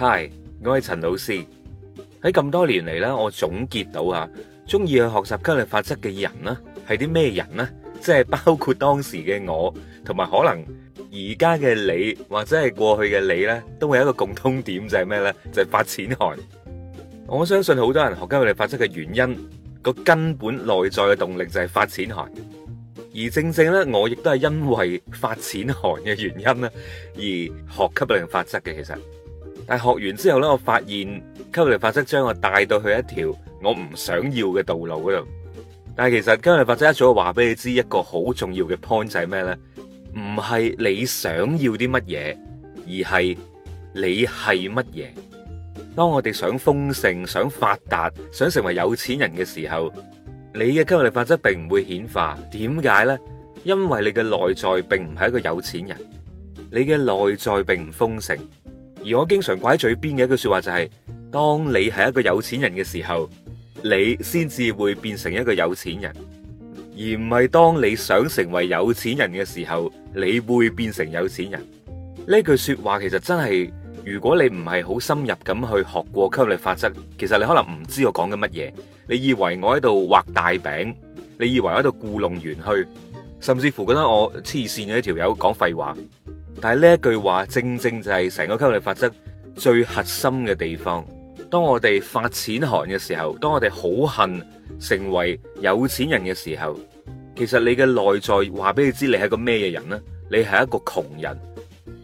嗨，我係陳老師。喺咁多年嚟咧，我總結到啊，中意去學習吸引力法則嘅人咧，係啲咩人咧？即係包括當時嘅我，同埋可能而家嘅你，或者係過去嘅你咧，都會有一個共通點就係、是、咩呢？就係、是、發錢寒。我相信好多人學吸引力法則嘅原因，個根本內在嘅動力就係發錢寒。而正正呢，我亦都係因為發錢寒嘅原因咧，而學吸引力法則嘅其實。但學完之後呢，我發現，吸引力法則將我帶到去一條我唔想要嘅道路嗰度，但係其實吸引力法則一早話俾你知一個好重要嘅 point 就係咩咧？唔係你想要啲乜嘢，而係你係乜嘢。當我哋想豐盛、想發達、想成為有錢人嘅時候，你嘅吸引力法則並唔會顯化。點解咧？因為你嘅內在並唔係一個有錢人，你嘅內在並唔豐盛。而我經常掛喺嘴邊嘅一句說話就係：當你係一個有錢人嘅時候，你先至會變成一個有錢人，而唔係當你想成為有錢人嘅時候，你會變成有錢人。呢句說話其實真係，如果你唔係好深入咁去學過吸引力法則，其實你可能唔知我講緊乜嘢。你以為我喺度畫大餅，你以為我喺度故弄玄虛，甚至乎覺得我黐線嘅一條友講廢話。但係呢一句話正正就係成個吸引力法則最核心嘅地方。當我哋發錢寒嘅時候，當我哋好恨成為有錢人嘅時候，其實你嘅內在話俾你知，你係個咩嘢人呢？你係一個窮人，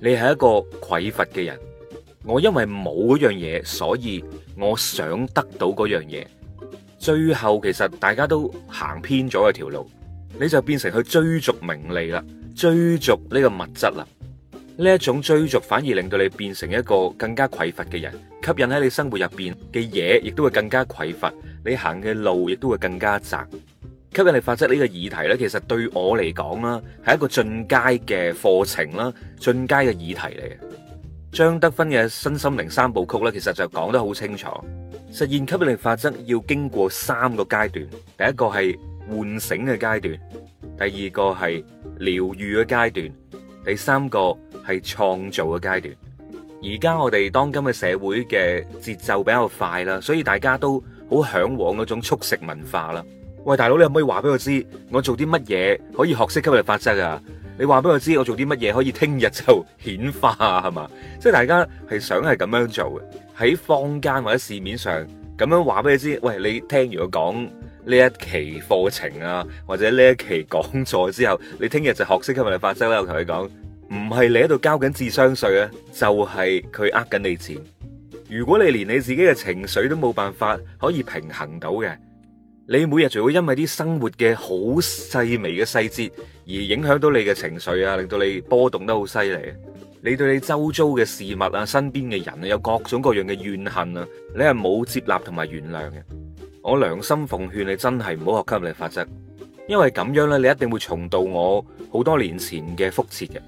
你係一個匱乏嘅人。我因為冇嗰樣嘢，所以我想得到嗰樣嘢。最後其實大家都行偏咗一條路，你就變成去追逐名利啦，追逐呢個物質啦。呢一種追逐，反而令到你變成一個更加匱乏嘅人，吸引喺你生活入邊嘅嘢，亦都會更加匱乏。你行嘅路，亦都會更加窄。吸引力法則呢個議題呢，其實對我嚟講啦，係一個進階嘅課程啦，進階嘅議題嚟嘅。張德芬嘅《身心靈三部曲》呢，其實就講得好清楚，實現吸引力法則要經過三個階段，第一個係喚醒嘅階段，第二個係療愈嘅階段，第三個。係創造嘅階段，而家我哋當今嘅社會嘅節奏比較快啦，所以大家都好嚮往嗰種速食文化啦。喂，大佬，你可唔可以話俾我知，我做啲乜嘢可以學識吸引力法則啊？你話俾我知，我做啲乜嘢可以聽日就顯化係嘛？即係大家係想係咁樣做嘅，喺坊間或者市面上咁樣話俾你知。喂，你聽完我講呢一期課程啊，或者呢一期講座之後，你聽日就學識吸引力法則啦。我同你講。唔係你喺度交緊智商稅啊就係佢呃緊你錢。如果你連你自己嘅情緒都冇辦法可以平衡到嘅，你每日就會因為啲生活嘅好細微嘅細節而影響到你嘅情緒啊，令到你波動得好犀利。你對你周遭嘅事物啊，身邊嘅人啊，有各種各樣嘅怨恨啊，你係冇接納同埋原諒嘅。我良心奉勸你真係唔好學吸引力法則，因為咁樣呢，你一定會重蹈我好多年前嘅覆轍嘅。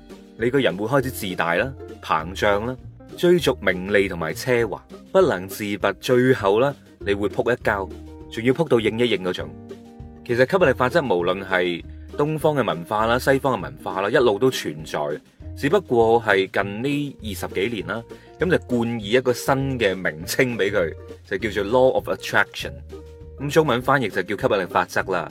你個人會開始自大啦、膨脹啦、追逐名利同埋奢華，不能自拔，最後咧你會撲一跤，仲要撲到應一應嗰種。其實吸引力法則無論係東方嘅文化啦、西方嘅文化啦，一路都存在，只不過係近呢二十幾年啦，咁就冠以一個新嘅名稱俾佢，就叫做 Law of Attraction。咁中文翻譯就叫吸引力法則啦。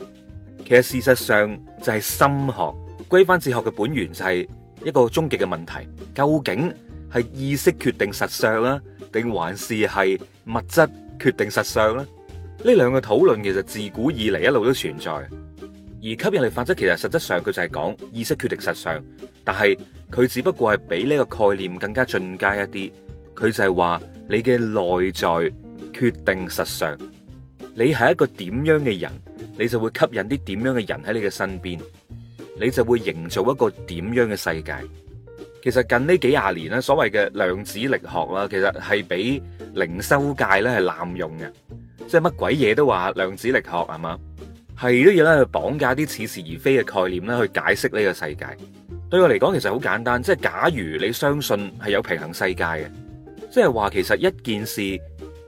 其實事實上就係心學，歸翻哲學嘅本源就係、是。一個終極嘅問題，究竟係意識決定實相啦，定還是係物質決定實相咧？呢兩個討論其實自古以嚟一路都存在，而吸引力法則其實實質上佢就係講意識決定實相，但係佢只不過係比呢個概念更加進階一啲，佢就係話你嘅內在決定實相，你係一個點樣嘅人，你就會吸引啲點樣嘅人喺你嘅身邊。你就會營造一個點樣嘅世界？其實近呢幾廿年咧，所謂嘅量子力學啦，其實係俾靈修界咧係濫用嘅，即係乜鬼嘢都話量子力學係嘛，係都要咧去綁架啲似是而非嘅概念咧去解釋呢個世界。對我嚟講，其實好簡單，即係假如你相信係有平衡世界嘅，即係話其實一件事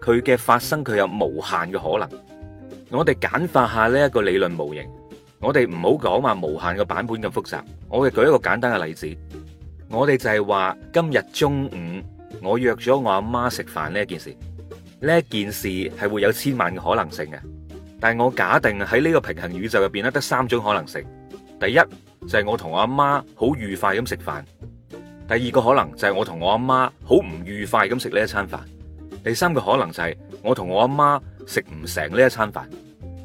佢嘅發生，佢有無限嘅可能。我哋簡化下呢一個理論模型。我哋唔好講話無限個版本咁複雜。我哋舉一個簡單嘅例子，我哋就係話今日中午我約咗我阿媽食飯呢一件事，呢一件事係會有千萬嘅可能性嘅。但係我假定喺呢個平行宇宙入邊咧，得三種可能性。第一就係、是、我同我阿媽好愉快咁食飯；第二個可能就係我同我阿媽好唔愉快咁食呢一餐飯；第三個可能就係我同我阿媽食唔成呢一餐飯。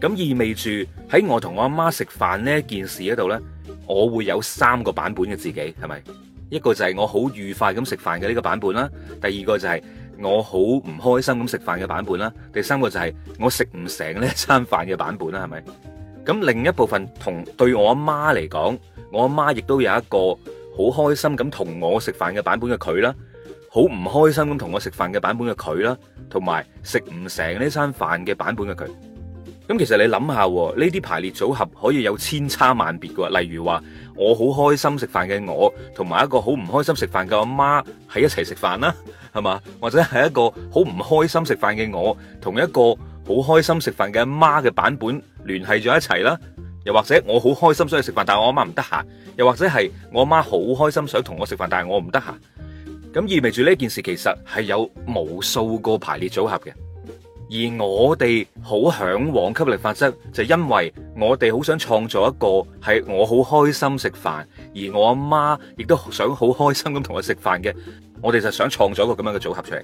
咁意味住喺我同我阿媽食飯呢件事嗰度呢，我會有三個版本嘅自己，係咪？一個就係我好愉快咁食飯嘅呢個版本啦，第二個就係我好唔開心咁食飯嘅版本啦，第三個就係我食唔成呢餐飯嘅版本啦，係咪？咁另一部分同對我阿媽嚟講，我阿媽亦都有一個好開心咁同我食飯嘅版本嘅佢啦，好唔開心咁同我食飯嘅版本嘅佢啦，同埋食唔成呢餐飯嘅版本嘅佢。咁其實你諗下，呢啲排列組合可以有千差萬別噶，例如話我好開心食飯嘅我，同埋一個好唔開心食飯嘅阿媽喺一齊食飯啦，係嘛？或者係一個好唔開心食飯嘅我，同一個好開心食飯嘅阿媽嘅版本聯繫咗一齊啦。又或者我好開心想食飯，但係我阿媽唔得閒。又或者係我阿媽好開心想同我食飯，但係我唔得閒。咁意味住呢件事其實係有無數個排列組合嘅。而我哋好嚮往吸引力法則，就因為我哋好想創造一個係我好開心食飯，而我阿媽亦都想好開心咁同我食飯嘅，我哋就想創造一個咁樣嘅組合出嚟。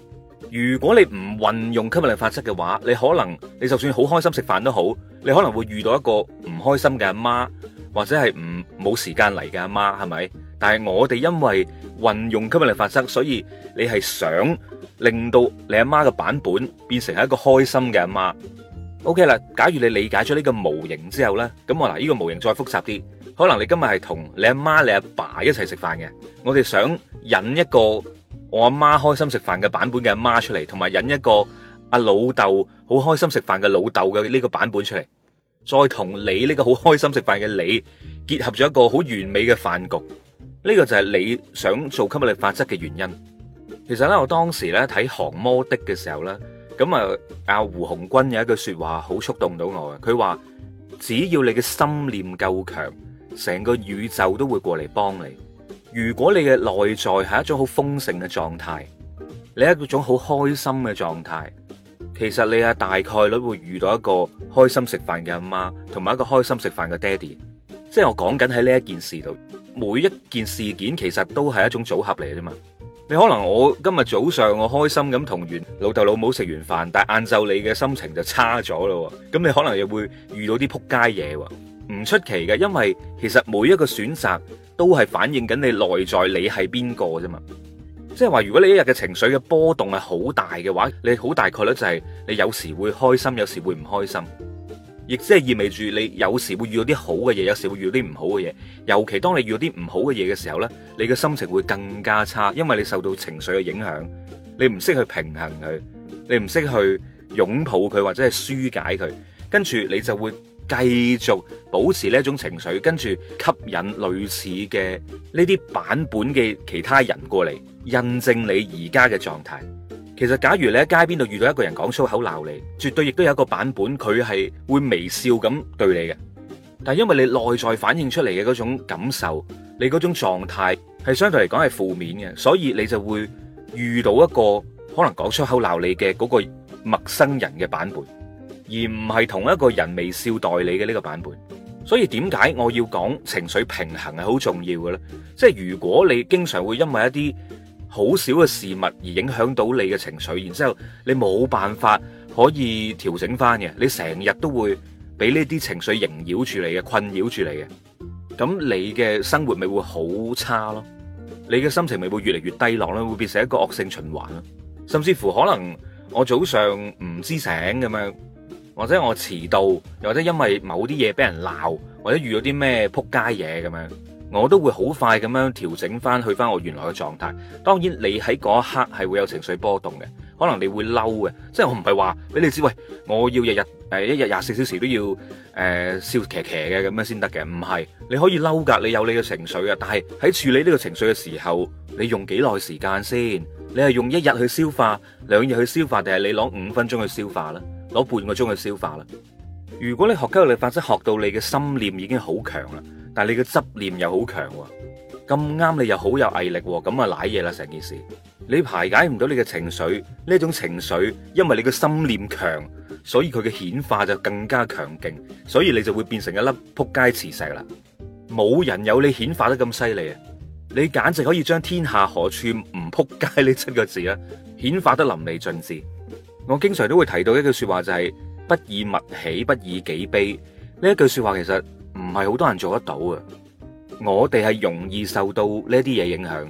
如果你唔運用吸引力法則嘅話，你可能你就算好開心食飯都好，你可能會遇到一個唔開心嘅阿媽，或者係唔冇時間嚟嘅阿媽，係咪？但係我哋因為運用吸引力法則，所以你係想。令到你阿媽嘅版本變成一個開心嘅阿媽。OK 啦，假如你理解咗呢個模型之後呢，咁我嗱呢個模型再複雜啲，可能你今日係同你阿媽、你阿爸一齊食飯嘅。我哋想引一個我阿媽開心食飯嘅版本嘅阿媽出嚟，同埋引一個阿老豆好開心食飯嘅老豆嘅呢個版本出嚟，再同你呢個好開心食飯嘅你結合咗一個好完美嘅飯局。呢個就係你想做吸引力法則嘅原因。其實咧，我當時咧睇航摩的嘅時候咧，咁啊，阿胡鴻鈞有一句說話好觸動到我嘅。佢話只要你嘅心念夠強，成個宇宙都會過嚟幫你。如果你嘅內在係一種好豐盛嘅狀態，你係一種好開心嘅狀態，其實你啊大概率會遇到一個開心食飯嘅阿媽，同埋一個開心食飯嘅爹哋。即係我講緊喺呢一件事度，每一件事件其實都係一種組合嚟嘅啫嘛。你可能我今日早上我開心咁同完老豆老母食完飯，但係晏晝你嘅心情就差咗咯，咁你可能又會遇到啲撲街嘢，唔出奇嘅，因為其實每一個選擇都係反映緊你內在你係邊個啫嘛，即係話如果你一日嘅情緒嘅波動係好大嘅話，你好大概率就係你有時會開心，有時會唔開心。亦即係意味住你有時會遇到啲好嘅嘢，有時會遇到啲唔好嘅嘢。尤其當你遇到啲唔好嘅嘢嘅時候呢，你嘅心情會更加差，因為你受到情緒嘅影響，你唔識去平衡佢，你唔識去擁抱佢或者係疏解佢，跟住你就會繼續保持呢種情緒，跟住吸引類似嘅呢啲版本嘅其他人過嚟，印證你而家嘅狀態。其實，假如你喺街邊度遇到一個人講粗口鬧你，絕對亦都有一個版本，佢係會微笑咁對你嘅。但因為你內在反映出嚟嘅嗰種感受，你嗰種狀態係相對嚟講係負面嘅，所以你就會遇到一個可能講粗口鬧你嘅嗰個陌生人嘅版本，而唔係同一個人微笑待你嘅呢個版本。所以點解我要講情緒平衡係好重要嘅咧？即係如果你經常會因為一啲好少嘅事物而影響到你嘅情緒，然之後你冇辦法可以調整翻嘅，你成日都會俾呢啲情緒縈繞住你嘅，困擾住你嘅。咁你嘅生活咪會好差咯，你嘅心情咪會越嚟越低落咯，會變成一個惡性循環咯。甚至乎可能我早上唔知醒咁樣，或者我遲到，又或者因為某啲嘢俾人鬧，或者遇到啲咩撲街嘢咁樣。我都會好快咁樣調整翻，去翻我原來嘅狀態。當然，你喺嗰一刻係會有情緒波動嘅，可能你會嬲嘅。即係我唔係話俾你知，喂，我要日日、呃、一日廿四小時都要誒、呃、笑騎騎嘅咁樣先得嘅。唔係，你可以嬲㗎，你有你嘅情緒啊。但係喺處理呢個情緒嘅時候，你用幾耐時間先？你係用一日去消化，兩日去消化，定係你攞五分鐘去消化啦，攞半個鐘去消化啦？如果你學吸引力法則，學到你嘅心念已經好強啦。但係你嘅執念又好強，咁啱你又好有毅力，咁啊瀨嘢啦成件事。你排解唔到你嘅情緒，呢種情緒，因為你嘅心念強，所以佢嘅顯化就更加強勁，所以你就會變成一粒撲街磁石啦。冇人有你顯化得咁犀利啊！你簡直可以將天下何處唔撲街呢七個字啊，顯化得淋漓盡致。我經常都會提到一句說話，就是，就係不以物喜，不以己悲。呢一句說話其實。唔係好多人做得到啊。我哋係容易受到呢啲嘢影響。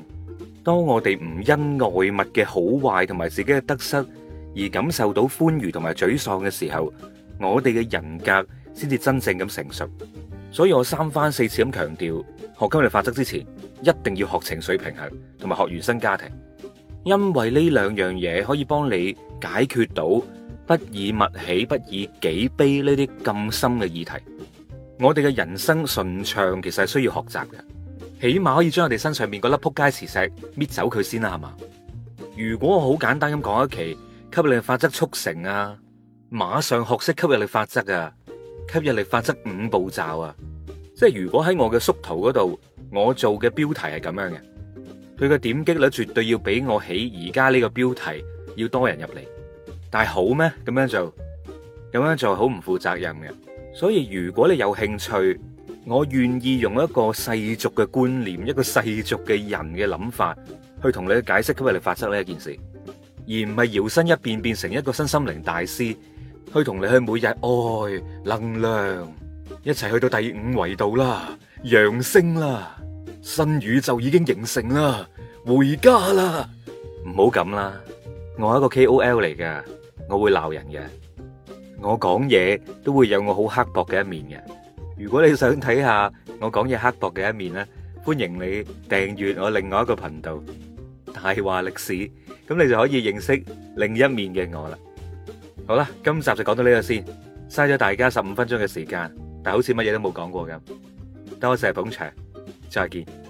當我哋唔因外物嘅好壞同埋自己嘅得失而感受到歡愉同埋沮喪嘅時候，我哋嘅人格先至真正咁成熟。所以我三番四次咁強調，學今日法則之前，一定要學情緒平衡，同埋學原生家庭，因為呢兩樣嘢可以幫你解決到不以物喜，不以己悲呢啲咁深嘅議題。我哋嘅人生順暢，其實係需要學習嘅，起碼可以將我哋身上面嗰粒撲街磁石搣走佢先啦，係嘛？如果我好簡單咁講一期吸引力法則速成啊，馬上學識吸引力法則啊，吸引力法則五步驟啊，即係如果喺我嘅縮圖嗰度，我做嘅標題係咁樣嘅，佢嘅點擊率絕對要比我起而家呢個標題要多人入嚟，但係好咩？咁樣做，咁樣做好唔負責任嘅。所以如果你有興趣，我願意用一個世俗嘅觀念，一個世俗嘅人嘅諗法，去同你去解釋今日你發生呢一件事，而唔係搖身一變變成一個身心靈大師，去同你去每日愛能量，一齊去到第五維度啦，揚升啦，新宇宙已經形成啦，回家啦，唔好咁啦，我係一個 K O L 嚟嘅，我會鬧人嘅。我講嘢，都會有我好刻薄嘅一面嘅。如果你想睇下我講嘢刻薄嘅一面，歡迎你訂閱我另外一個頻道，大話歷史，咁你就可以認識另一面嘅我啦。好啦，今集就講到呢度先，嘥咗大家15分鐘嘅時間，但好似乜嘢都冇講過咁。多謝捧場，再見。